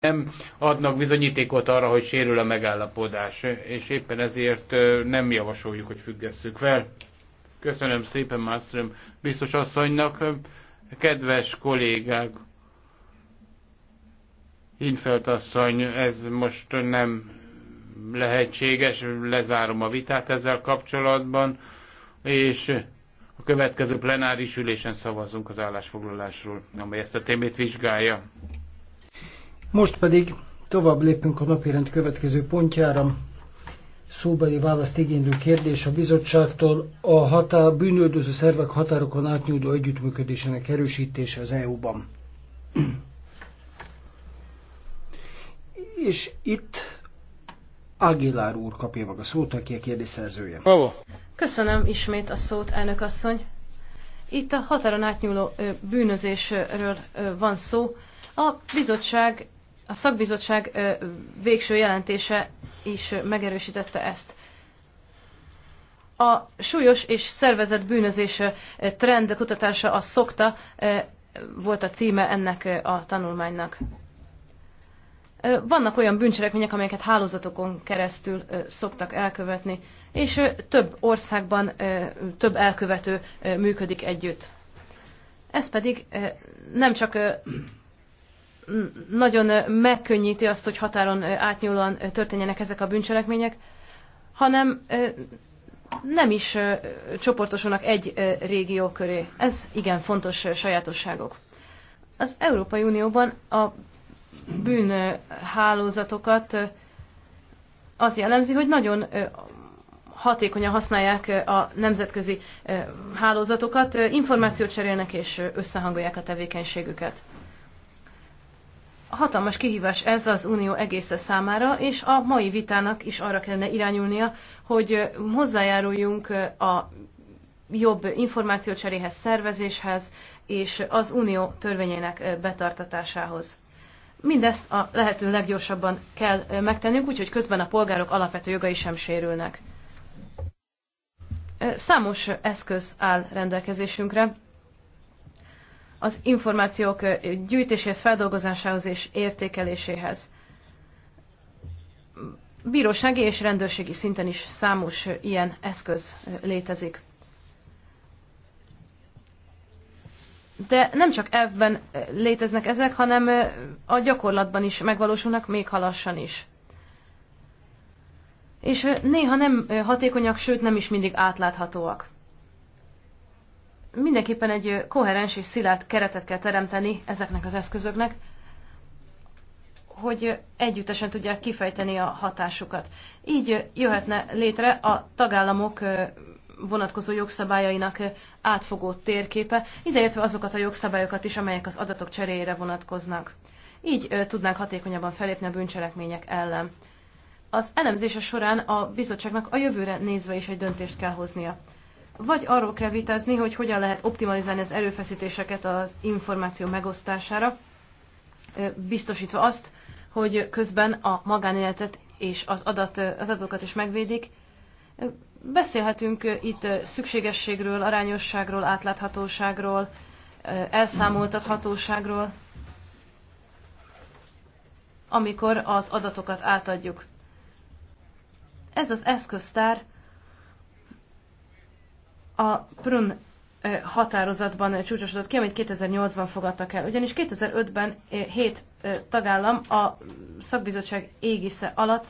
nem adnak bizonyítékot arra, hogy sérül a megállapodás, és éppen ezért nem javasoljuk, hogy függesszük fel. Köszönöm szépen, Mászlöm biztos asszonynak. Kedves kollégák, Hinfeld asszony, ez most nem lehetséges, lezárom a vitát ezzel kapcsolatban, és a következő plenáris ülésen szavazunk az állásfoglalásról, amely ezt a témét vizsgálja. Most pedig tovább lépünk a napirend következő pontjára. Szóbeli választ igénylő kérdés a bizottságtól a hatá, bűnöldöző szervek határokon átnyúló együttműködésének erősítése az EU-ban. És itt Aguilar úr kapja meg a szót, aki a kérdés szerzője. Bravo. Köszönöm ismét a szót, elnök asszony. Itt a határon átnyúló bűnözésről van szó. A bizottság a szakbizottság végső jelentése is megerősítette ezt. A súlyos és szervezett bűnözés trend kutatása a szokta volt a címe ennek a tanulmánynak. Vannak olyan bűncselekmények, amelyeket hálózatokon keresztül szoktak elkövetni, és több országban több elkövető működik együtt. Ez pedig nem csak nagyon megkönnyíti azt, hogy határon átnyúlóan történjenek ezek a bűncselekmények, hanem nem is csoportosulnak egy régió köré. Ez igen fontos sajátosságok. Az Európai Unióban a bűnhálózatokat az jellemzi, hogy nagyon hatékonyan használják a nemzetközi hálózatokat, információt cserélnek és összehangolják a tevékenységüket. Hatalmas kihívás ez az Unió egésze számára, és a mai vitának is arra kellene irányulnia, hogy hozzájáruljunk a jobb információcseréhez, szervezéshez és az Unió törvényeinek betartatásához. Mindezt a lehető leggyorsabban kell megtennünk, úgyhogy közben a polgárok alapvető jogai sem sérülnek. Számos eszköz áll rendelkezésünkre, az információk gyűjtéséhez, feldolgozásához és értékeléséhez. Bírósági és rendőrségi szinten is számos ilyen eszköz létezik. De nem csak ebben léteznek ezek, hanem a gyakorlatban is megvalósulnak, még halassan is. És néha nem hatékonyak, sőt nem is mindig átláthatóak mindenképpen egy koherens és szilárd keretet kell teremteni ezeknek az eszközöknek, hogy együttesen tudják kifejteni a hatásukat. Így jöhetne létre a tagállamok vonatkozó jogszabályainak átfogó térképe, ideértve azokat a jogszabályokat is, amelyek az adatok cseréjére vonatkoznak. Így tudnánk hatékonyabban felépni a bűncselekmények ellen. Az elemzése során a bizottságnak a jövőre nézve is egy döntést kell hoznia vagy arról kell vitázni, hogy hogyan lehet optimalizálni az erőfeszítéseket az információ megosztására, biztosítva azt, hogy közben a magánéletet és az, adat, az adatokat is megvédik. Beszélhetünk itt szükségességről, arányosságról, átláthatóságról, elszámoltathatóságról, amikor az adatokat átadjuk. Ez az eszköztár a Prun határozatban csúcsosodott ki, amit 2008-ban fogadtak el. Ugyanis 2005-ben 7 tagállam a szakbizottság égisze alatt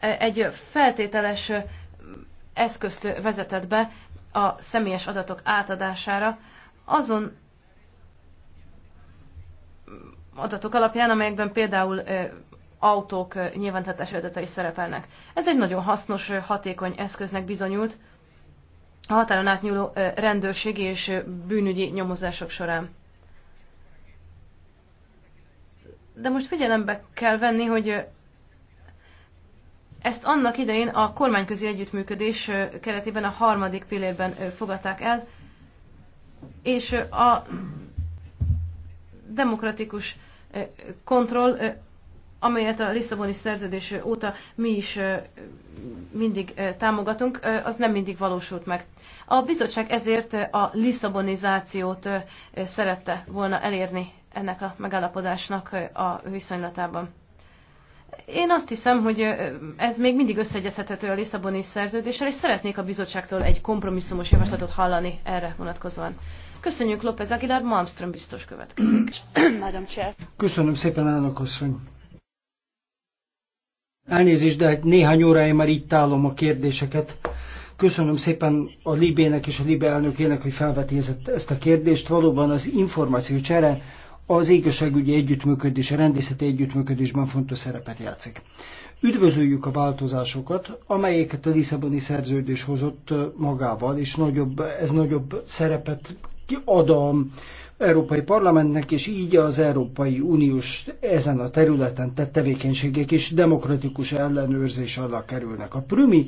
egy feltételes eszközt vezetett be a személyes adatok átadására, azon adatok alapján, amelyekben például autók nyilvántartási adatai szerepelnek. Ez egy nagyon hasznos, hatékony eszköznek bizonyult, a határon átnyúló rendőrségi és bűnügyi nyomozások során. De most figyelembe kell venni, hogy ezt annak idején a kormányközi együttműködés keretében a harmadik pillérben fogadták el, és a demokratikus kontroll amelyet a Lisszaboni szerződés óta mi is mindig támogatunk, az nem mindig valósult meg. A bizottság ezért a Lisszabonizációt szerette volna elérni ennek a megállapodásnak a viszonylatában. Én azt hiszem, hogy ez még mindig összeegyeztethető a Lisszaboni szerződéssel, és szeretnék a bizottságtól egy kompromisszumos javaslatot hallani erre vonatkozóan. Köszönjük López Aguilar, Malmström biztos következik. Köszönöm szépen, elnök asszony. Elnézést, de hát néhány órája már itt állom a kérdéseket. Köszönöm szépen a Libének és a Libé elnökének, hogy felvetézett ezt a kérdést. Valóban az információ csere az igazságügyi együttműködés, a rendészeti együttműködésben fontos szerepet játszik. Üdvözöljük a változásokat, amelyeket a Lisszaboni szerződés hozott magával, és nagyobb, ez nagyobb szerepet ad a Európai Parlamentnek, és így az Európai Uniós ezen a területen tett tevékenységek is demokratikus ellenőrzés alá kerülnek. A Prümi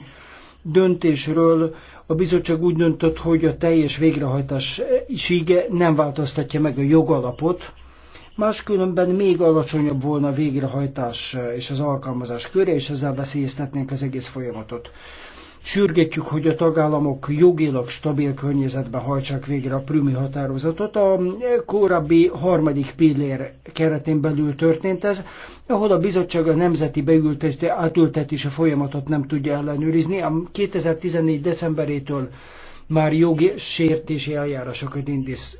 döntésről a bizottság úgy döntött, hogy a teljes végrehajtás síge nem változtatja meg a jogalapot, máskülönben még alacsonyabb volna a végrehajtás és az alkalmazás köre, és ezzel veszélyeztetnénk az egész folyamatot sürgetjük, hogy a tagállamok jogilag stabil környezetben hajtsák végre a prümi határozatot. A korábbi harmadik pillér keretén belül történt ez, ahol a bizottság a nemzeti beültetési átültetési folyamatot nem tudja ellenőrizni, A 2014. decemberétől már jogi sértési eljárásokat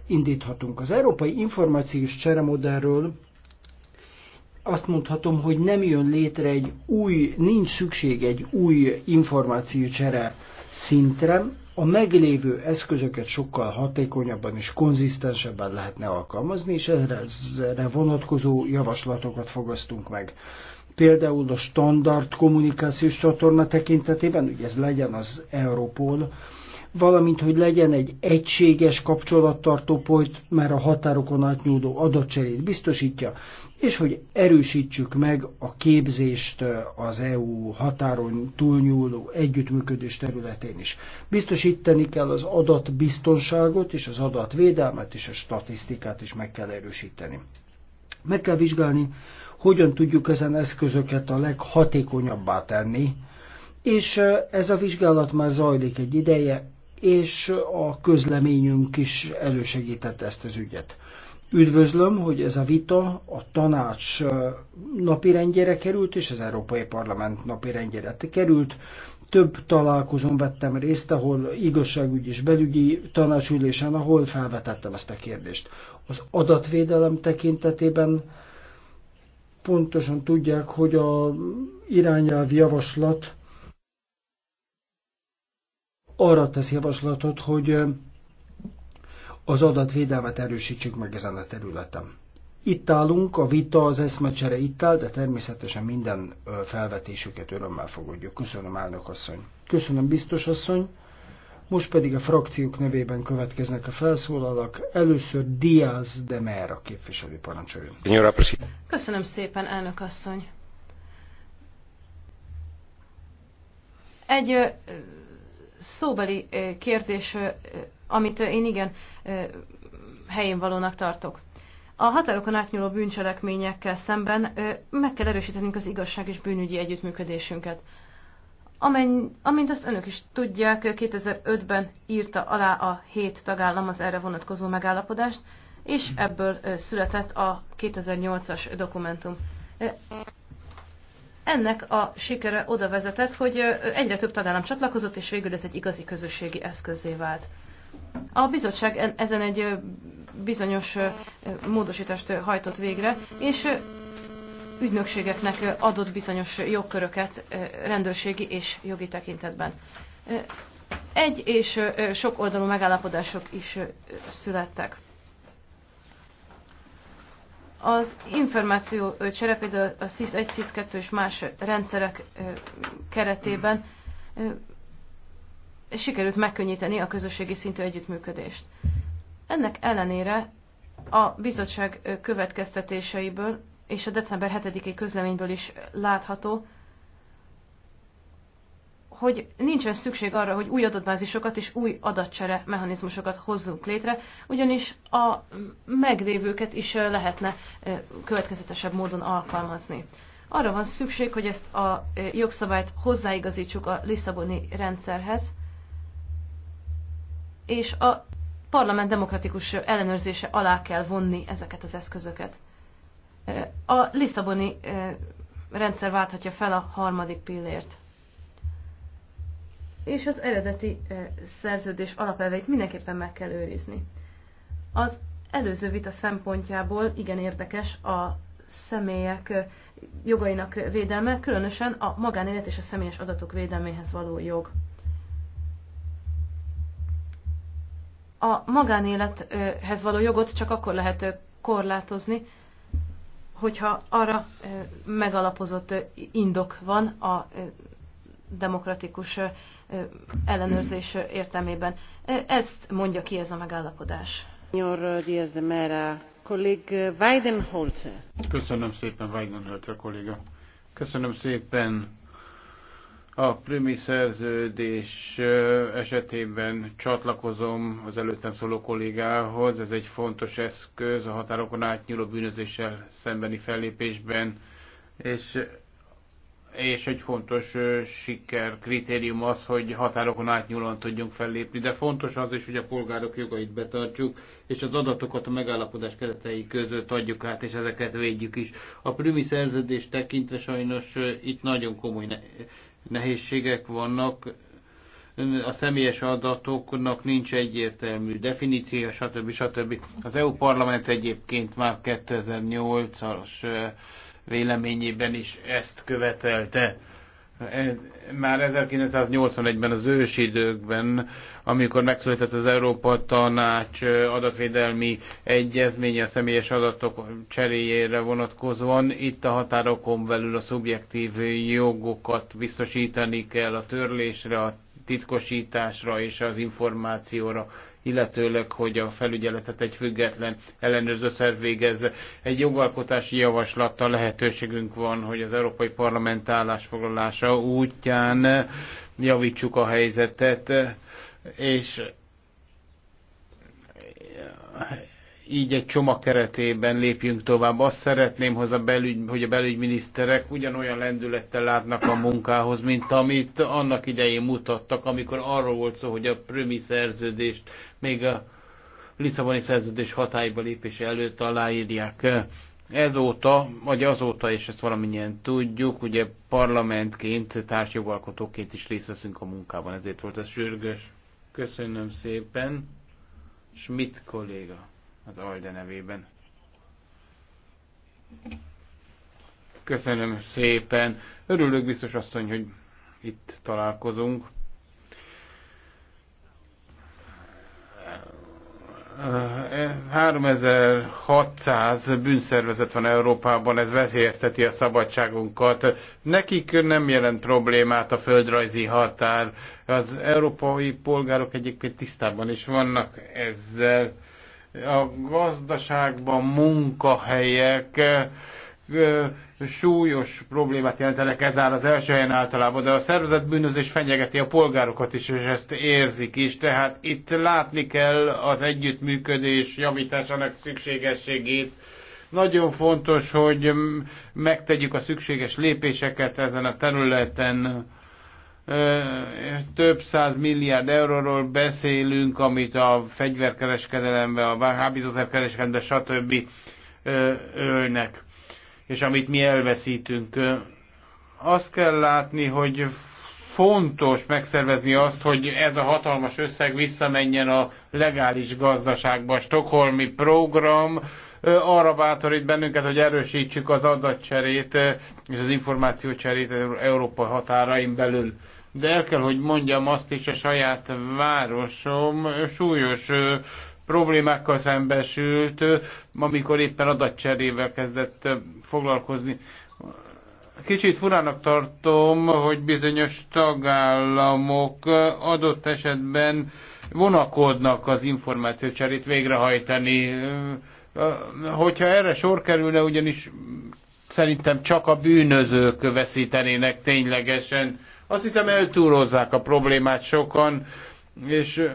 indíthatunk. Az Európai Információs Cseremodellről azt mondhatom, hogy nem jön létre egy új, nincs szükség egy új információcsere szintre, a meglévő eszközöket sokkal hatékonyabban és konzisztensebben lehetne alkalmazni, és ezre vonatkozó javaslatokat fogasztunk meg. Például a standard kommunikációs csatorna tekintetében, ugye ez legyen az Europol, valamint hogy legyen egy egységes kapcsolattartó pont, mert a határokon átnyúló adatcserét biztosítja, és hogy erősítsük meg a képzést az EU határon túlnyúló együttműködés területén is. Biztosítani kell az adatbiztonságot és az adatvédelmet és a statisztikát is meg kell erősíteni. Meg kell vizsgálni, hogyan tudjuk ezen eszközöket a leghatékonyabbá tenni, és ez a vizsgálat már zajlik egy ideje, és a közleményünk is elősegítette ezt az ügyet. Üdvözlöm, hogy ez a vita a tanács napirendjére került, és az Európai Parlament napirendjére került. Több találkozón vettem részt, ahol igazságügyi és belügyi tanácsülésen, ahol felvetettem ezt a kérdést. Az adatvédelem tekintetében pontosan tudják, hogy a irányelv javaslat arra tesz javaslatot, hogy az adatvédelmet erősítsük meg ezen a területen. Itt állunk, a vita, az eszmecsere itt áll, de természetesen minden felvetésüket örömmel fogadjuk. Köszönöm, elnök asszony. Köszönöm, biztos asszony. Most pedig a frakciók nevében következnek a felszólalak. Először Diaz de Mera képviselő parancsoljon. Köszönöm szépen, elnök asszony. Egy szóbeli kérdés amit én igen helyén valónak tartok. A határokon átnyúló bűncselekményekkel szemben meg kell erősítenünk az igazság és bűnügyi együttműködésünket. Amen, amint azt önök is tudják, 2005-ben írta alá a hét tagállam az erre vonatkozó megállapodást, és ebből született a 2008-as dokumentum. Ennek a sikere oda vezetett, hogy egyre több tagállam csatlakozott, és végül ez egy igazi közösségi eszközé vált. A bizottság ezen egy bizonyos módosítást hajtott végre, és ügynökségeknek adott bizonyos jogköröket rendőrségi és jogi tekintetben. Egy és sok oldalú megállapodások is születtek. Az információ cserepéd a cis 1 cis 2 és más rendszerek keretében sikerült megkönnyíteni a közösségi szintű együttműködést. Ennek ellenére a bizottság következtetéseiből és a december 7-i közleményből is látható, hogy nincsen szükség arra, hogy új adatbázisokat és új adatcsere mechanizmusokat hozzunk létre, ugyanis a meglévőket is lehetne következetesebb módon alkalmazni. Arra van szükség, hogy ezt a jogszabályt hozzáigazítsuk a Lisszaboni rendszerhez, és a parlament demokratikus ellenőrzése alá kell vonni ezeket az eszközöket. A Lisszaboni rendszer válthatja fel a harmadik pillért. És az eredeti szerződés alapelveit mindenképpen meg kell őrizni. Az előző vita szempontjából igen érdekes a személyek jogainak védelme, különösen a magánélet és a személyes adatok védelméhez való jog. a magánélethez való jogot csak akkor lehet korlátozni, hogyha arra megalapozott indok van a demokratikus ellenőrzés értelmében. Ezt mondja ki ez a megállapodás. Köszönöm szépen, Weidenholzer kolléga. Köszönöm szépen, a prümi szerződés esetében csatlakozom az előttem szóló kollégához, ez egy fontos eszköz a határokon átnyúló bűnözéssel szembeni fellépésben, és és egy fontos siker kritérium az, hogy határokon átnyúlóan tudjunk fellépni, de fontos az is, hogy a polgárok jogait betartjuk, és az adatokat a megállapodás keretei között adjuk át, és ezeket védjük is. A prümi szerződés tekintve sajnos itt nagyon komoly nehézségek vannak, a személyes adatoknak nincs egyértelmű definíciója, stb. stb. Az EU parlament egyébként már 2008-as véleményében is ezt követelte. E, már 1981-ben az ősi időkben, amikor megszületett az Európa Tanács adatvédelmi egyezménye a személyes adatok cseréjére vonatkozóan, itt a határokon belül a szubjektív jogokat biztosítani kell a törlésre, a titkosításra és az információra illetőleg, hogy a felügyeletet egy független ellenőrző szerv végezze. Egy jogalkotási javaslattal lehetőségünk van, hogy az Európai Parlament állásfoglalása útján javítsuk a helyzetet, és így egy csomag keretében lépjünk tovább. Azt szeretném, hogy a, belügy, hogy a belügyminiszterek ugyanolyan lendülettel látnak a munkához, mint amit annak idején mutattak, amikor arról volt szó, hogy a prömi szerződést még a Lisszaboni szerződés hatályba lépése előtt aláírják. Ezóta, vagy azóta, és ezt valamilyen tudjuk, ugye parlamentként, társjogalkotóként is részt veszünk a munkában, ezért volt ez sürgős. Köszönöm szépen. Schmidt kolléga az Alde nevében. Köszönöm szépen. Örülök biztos asszony, hogy itt találkozunk. Uh, 3600 bűnszervezet van Európában, ez veszélyezteti a szabadságunkat. Nekik nem jelent problémát a földrajzi határ. Az európai polgárok egyébként tisztában is vannak ezzel a gazdaságban munkahelyek súlyos problémát jelentenek, ez áll az első helyen általában, de a szervezet bűnözés fenyegeti a polgárokat is, és ezt érzik is, tehát itt látni kell az együttműködés javításának szükségességét. Nagyon fontos, hogy megtegyük a szükséges lépéseket ezen a területen több száz milliárd euróról beszélünk, amit a fegyverkereskedelembe, a hábítószerkereskedelembe, stb. ölnek, és amit mi elveszítünk. Azt kell látni, hogy fontos megszervezni azt, hogy ez a hatalmas összeg visszamenjen a legális gazdaságba. A Stockholmi program arra bátorít bennünket, hogy erősítsük az adatcserét és az információcserét Európa határain belül de el kell, hogy mondjam azt is, a saját városom súlyos problémákkal szembesült, amikor éppen adatcserével kezdett foglalkozni. Kicsit furának tartom, hogy bizonyos tagállamok adott esetben vonakodnak az információcserét végrehajtani. Hogyha erre sor kerülne, ugyanis szerintem csak a bűnözők veszítenének ténylegesen azt hiszem eltúrozzák a problémát sokan, és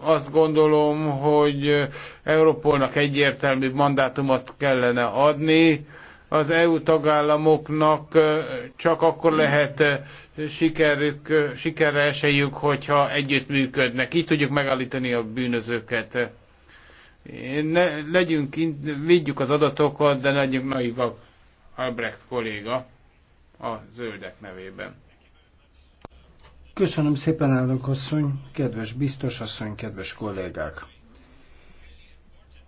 azt gondolom, hogy Európolnak egyértelmű mandátumot kellene adni, az EU tagállamoknak csak akkor lehet sikerük, sikerre esélyük, hogyha együttműködnek. Így tudjuk megállítani a bűnözőket. Ne, legyünk, vigyük az adatokat, de legyünk naivak, Albrecht kolléga a zöldek nevében. Köszönöm szépen, elnök asszony, kedves biztos asszony, kedves kollégák!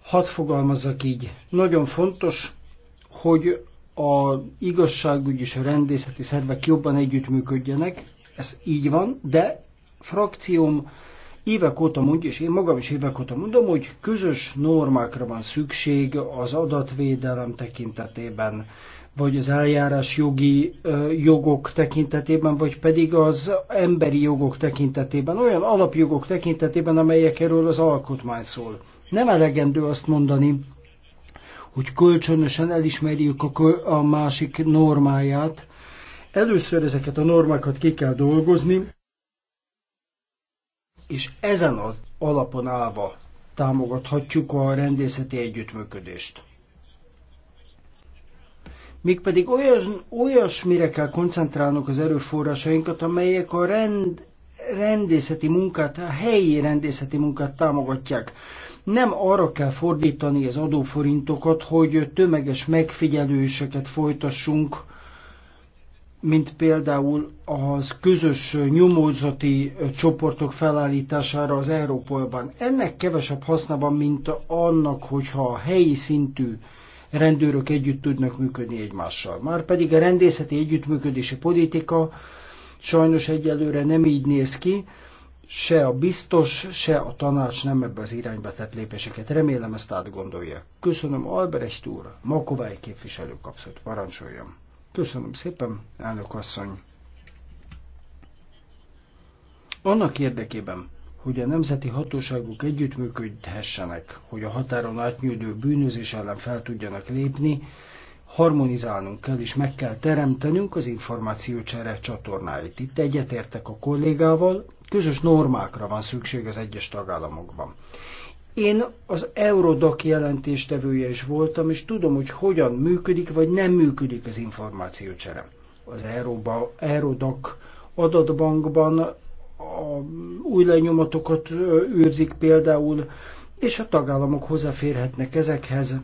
Hadd fogalmazok így. Nagyon fontos, hogy a igazságügy és a rendészeti szervek jobban együttműködjenek, ez így van, de frakcióm Évek óta mondja, és én magam is évek óta mondom, hogy közös normákra van szükség az adatvédelem tekintetében, vagy az eljárás jogi jogok tekintetében, vagy pedig az emberi jogok tekintetében, olyan alapjogok tekintetében, amelyek erről az alkotmány szól. Nem elegendő azt mondani, hogy kölcsönösen elismerjük a, a másik normáját. Először ezeket a normákat ki kell dolgozni, és ezen az alapon állva támogathatjuk a rendészeti együttműködést. Mégpedig olyan, olyasmire kell koncentrálnunk az erőforrásainkat, amelyek a rend, rendészeti munkát, a helyi rendészeti munkát támogatják. Nem arra kell fordítani az adóforintokat, hogy tömeges megfigyelőseket folytassunk, mint például az közös nyomózati csoportok felállítására az Európolban. Ennek kevesebb haszna van, mint annak, hogyha a helyi szintű rendőrök együtt tudnak működni egymással. Már pedig a rendészeti együttműködési politika sajnos egyelőre nem így néz ki, se a biztos, se a tanács nem ebbe az irányba tett lépéseket. Remélem ezt átgondolja. Köszönöm Albrecht úr, Makovály képviselő kapszott. Parancsoljam. Köszönöm szépen, elnök asszony. Annak érdekében, hogy a nemzeti hatóságok együttműködhessenek, hogy a határon átnyúló bűnözés ellen fel tudjanak lépni, harmonizálnunk kell és meg kell teremtenünk az információcsere csatornáit. Itt egyetértek a kollégával, közös normákra van szükség az egyes tagállamokban. Én az Eurodoc jelentéstevője is voltam, és tudom, hogy hogyan működik, vagy nem működik az információcsere. Az Eurodoc Eurodac adatbankban a új lenyomatokat őrzik például, és a tagállamok hozzáférhetnek ezekhez.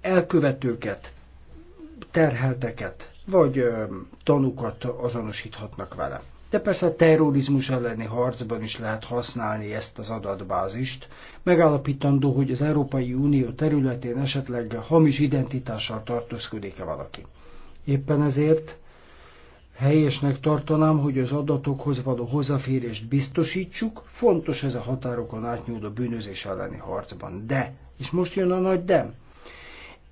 Elkövetőket, terhelteket, vagy tanúkat azonosíthatnak vele de persze a terrorizmus elleni harcban is lehet használni ezt az adatbázist. Megállapítandó, hogy az Európai Unió területén esetleg hamis identitással tartózkodik-e valaki. Éppen ezért Helyesnek tartanám, hogy az adatokhoz való hozzáférést biztosítsuk, fontos ez a határokon átnyúló bűnözés elleni harcban. De, és most jön a nagy de,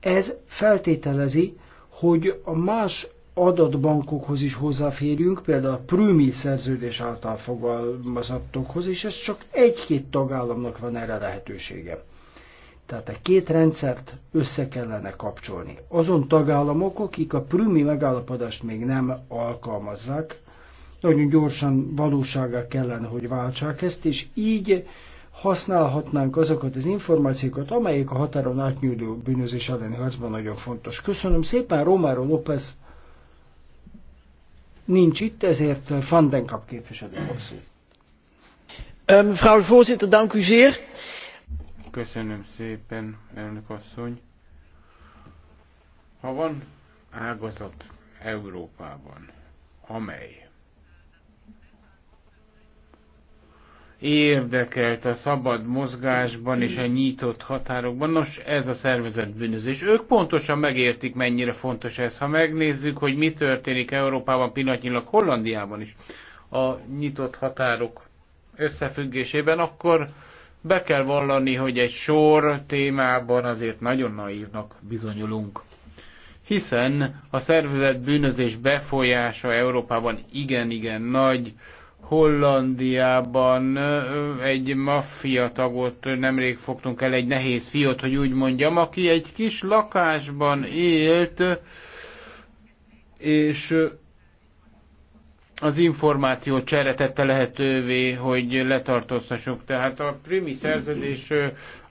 ez feltételezi, hogy a más adatbankokhoz is hozzáférjünk, például a Prümi szerződés által fogalmazottokhoz, és ez csak egy-két tagállamnak van erre lehetősége. Tehát a két rendszert össze kellene kapcsolni. Azon tagállamok, akik a Prümi megállapodást még nem alkalmazzák, nagyon gyorsan valósága kellene, hogy váltsák ezt, és így használhatnánk azokat az információkat, amelyek a határon átnyúló bűnözés elleni harcban nagyon fontos. Köszönöm szépen, Romáról López nincs itt, ezért van képviselő fog szó. Ehm, mevrouw de voorzitter, dank u zeer. Köszönöm szépen, elnök asszony. Ha van ágazat Európában, amely érdekelt a szabad mozgásban és a nyitott határokban. Nos, ez a szervezet bűnözés. Ők pontosan megértik, mennyire fontos ez. Ha megnézzük, hogy mi történik Európában, pillanatnyilag Hollandiában is a nyitott határok összefüggésében, akkor be kell vallani, hogy egy sor témában azért nagyon naívnak bizonyulunk. Hiszen a szervezet bűnözés befolyása Európában igen-igen nagy, Hollandiában egy maffia tagot nemrég fogtunk el, egy nehéz fiót, hogy úgy mondjam, aki egy kis lakásban élt, és az információ cseretette lehetővé, hogy letartóztassuk. Tehát a primi szerződés,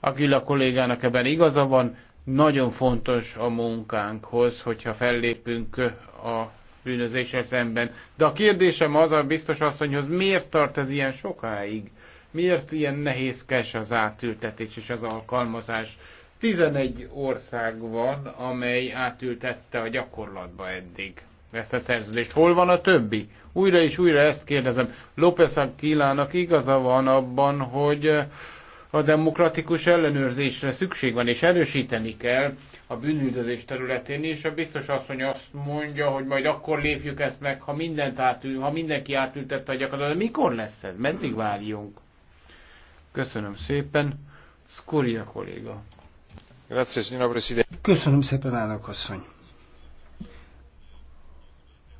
a kollégának ebben igaza van, nagyon fontos a munkánkhoz, hogyha fellépünk a bűnözése szemben. De a kérdésem az a biztos asszonyhoz, miért tart ez ilyen sokáig? Miért ilyen nehézkes az átültetés és az alkalmazás? 11 ország van, amely átültette a gyakorlatba eddig ezt a szerződést. Hol van a többi? Újra és újra ezt kérdezem. López Aquilának igaza van abban, hogy a demokratikus ellenőrzésre szükség van, és erősíteni kell, a bűnüldözés területén is. A biztos asszony azt mondja, hogy majd akkor lépjük ezt meg, ha, mindent átül, ha mindenki átültette a gyakorlatot. De mikor lesz ez? Meddig várjunk? Köszönöm szépen. Skuria kolléga. Köszönöm szépen, elnök asszony.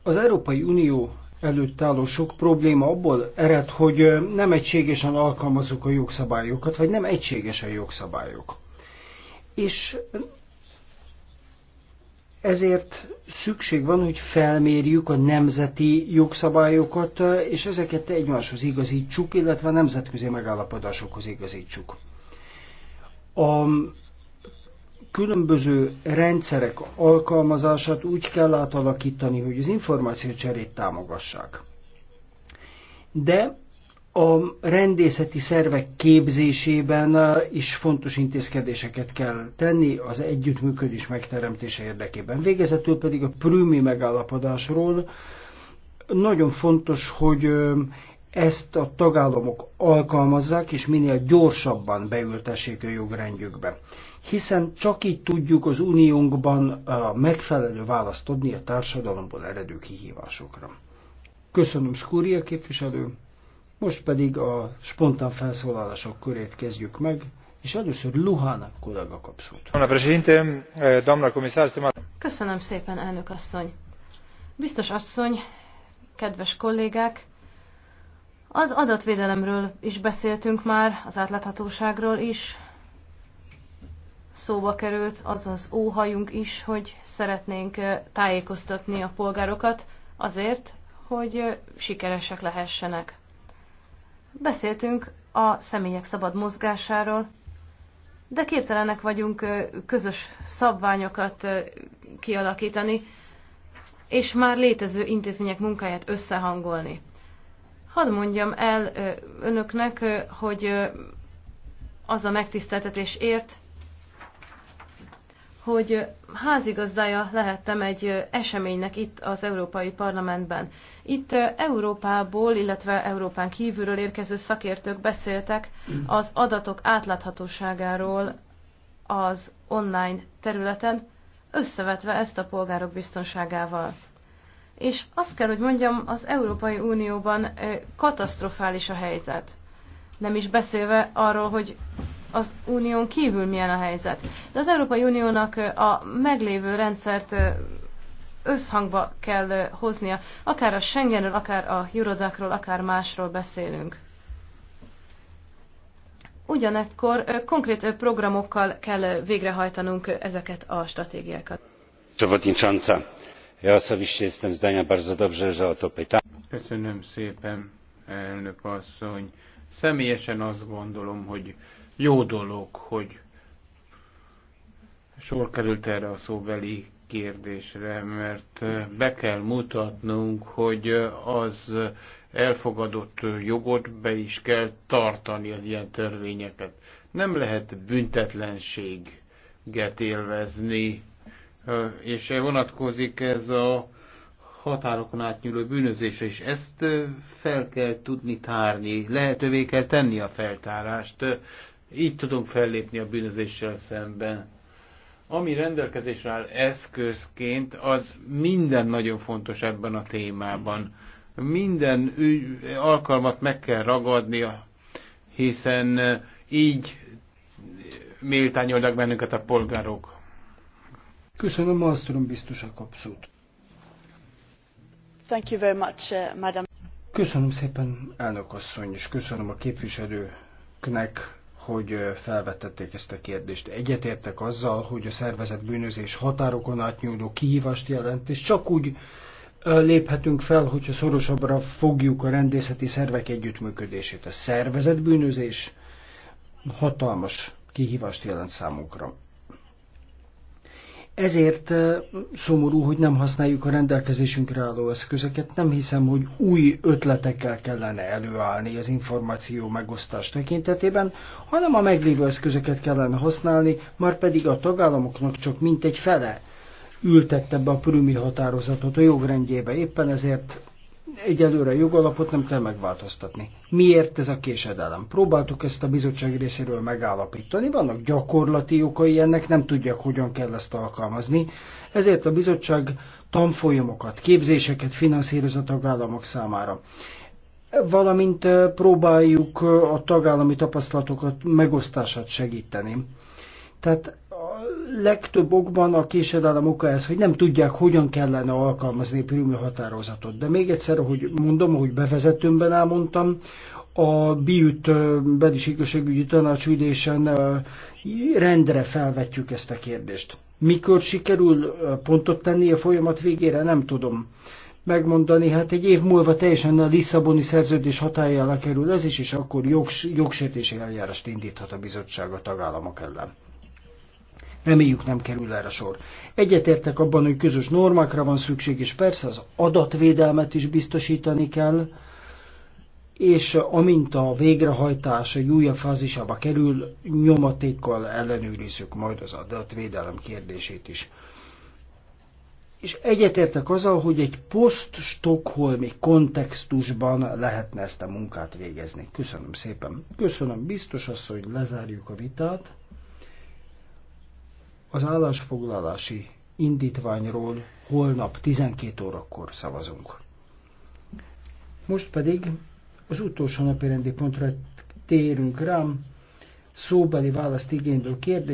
Az Európai Unió előtt álló sok probléma abból ered, hogy nem egységesen alkalmazzuk a jogszabályokat, vagy nem egységesen jogszabályok. És ezért szükség van, hogy felmérjük a nemzeti jogszabályokat, és ezeket egymáshoz igazítsuk, illetve a nemzetközi megállapodásokhoz igazítsuk. A különböző rendszerek alkalmazását úgy kell átalakítani, hogy az információcserét támogassák. De a rendészeti szervek képzésében uh, is fontos intézkedéseket kell tenni az együttműködés megteremtése érdekében. Végezetül pedig a prümi megállapodásról nagyon fontos, hogy uh, ezt a tagállamok alkalmazzák, és minél gyorsabban beültessék a jogrendjükbe. Hiszen csak így tudjuk az uniónkban a uh, megfelelő választ adni a társadalomból eredő kihívásokra. Köszönöm, Skúria képviselő! Most pedig a spontán felszólalások körét kezdjük meg, és először Luhán kollega kap szót. Köszönöm szépen, elnök asszony. Biztos asszony, kedves kollégák, az adatvédelemről is beszéltünk már, az átláthatóságról is. Szóba került az az óhajunk is, hogy szeretnénk eh, tájékoztatni a polgárokat azért, hogy eh, sikeresek lehessenek. Beszéltünk a személyek szabad mozgásáról, de képtelenek vagyunk közös szabványokat kialakítani, és már létező intézmények munkáját összehangolni. Hadd mondjam el önöknek, hogy az a megtiszteltetés ért, hogy házigazdája lehettem egy eseménynek itt az Európai Parlamentben. Itt Európából, illetve Európán kívülről érkező szakértők beszéltek az adatok átláthatóságáról az online területen, összevetve ezt a polgárok biztonságával. És azt kell, hogy mondjam, az Európai Unióban eh, katasztrofális a helyzet. Nem is beszélve arról, hogy az unión kívül milyen a helyzet. De az Európai Uniónak a meglévő rendszert összhangba kell hoznia, akár a Schengenről, akár a Eurodacról, akár másról beszélünk. Ugyanekkor konkrét programokkal kell végrehajtanunk ezeket a stratégiákat. Przewodnicząca, ja osobiście jestem zdania bardzo dobrze, że o to pytanie. Köszönöm szépen, elnök asszony. Személyesen azt gondolom, hogy jó dolog, hogy sor került erre a szóbeli kérdésre, mert be kell mutatnunk, hogy az elfogadott jogot be is kell tartani az ilyen törvényeket. Nem lehet büntetlenséget élvezni, és e vonatkozik ez a határokon átnyúló bűnözésre és Ezt fel kell tudni tárni, lehetővé kell tenni a feltárást. Így tudunk fellépni a bűnözéssel szemben. Ami rendelkezésre áll eszközként, az minden nagyon fontos ebben a témában. Minden ügy, alkalmat meg kell ragadnia, hiszen így méltányolnak bennünket a polgárok. Köszönöm, Malmström biztos a kapszót. Thank you very much, uh, madam. Köszönöm szépen, elnök asszony, és köszönöm a képviselőknek hogy felvetették ezt a kérdést. Egyetértek azzal, hogy a szervezet bűnözés határokon átnyúló kihívást jelent, és csak úgy léphetünk fel, hogyha szorosabbra fogjuk a rendészeti szervek együttműködését. A szervezet bűnözés hatalmas kihívást jelent számunkra. Ezért szomorú, hogy nem használjuk a rendelkezésünkre álló eszközöket. Nem hiszem, hogy új ötletekkel kellene előállni az információ megosztás tekintetében, hanem a meglévő eszközöket kellene használni, már pedig a tagállamoknak csak mintegy fele ültette be a prümi határozatot a jogrendjébe. Éppen ezért egyelőre jogalapot nem kell megváltoztatni. Miért ez a késedelem? Próbáltuk ezt a bizottság részéről megállapítani, vannak gyakorlati okai ennek, nem tudják, hogyan kell ezt alkalmazni. Ezért a bizottság tanfolyamokat, képzéseket finanszíroz a tagállamok számára. Valamint próbáljuk a tagállami tapasztalatokat megosztását segíteni. Tehát legtöbb okban a késedelem oka ez, hogy nem tudják, hogyan kellene alkalmazni a határozatot. De még egyszer, hogy mondom, hogy bevezetőmben elmondtam, a BIUT belis tanácsülésen rendre felvetjük ezt a kérdést. Mikor sikerül pontot tenni a folyamat végére, nem tudom megmondani, hát egy év múlva teljesen a Lisszaboni szerződés hatájára kerül ez is, és akkor jogs, jogsértési eljárást indíthat a bizottság a tagállamok ellen. Reméljük nem kerül erre sor. Egyetértek abban, hogy közös normákra van szükség, és persze az adatvédelmet is biztosítani kell, és amint a végrehajtás egy újabb fázisába kerül, nyomatékkal ellenőrizzük majd az adatvédelem kérdését is. És egyetértek azzal, hogy egy post stokholmi kontextusban lehetne ezt a munkát végezni. Köszönöm szépen. Köszönöm biztos az, hogy lezárjuk a vitát. Az állásfoglalási indítványról holnap 12 órakor szavazunk. Most pedig az utolsó napi rendi pontra térünk rám, szóbeli választ igénylő kérdés,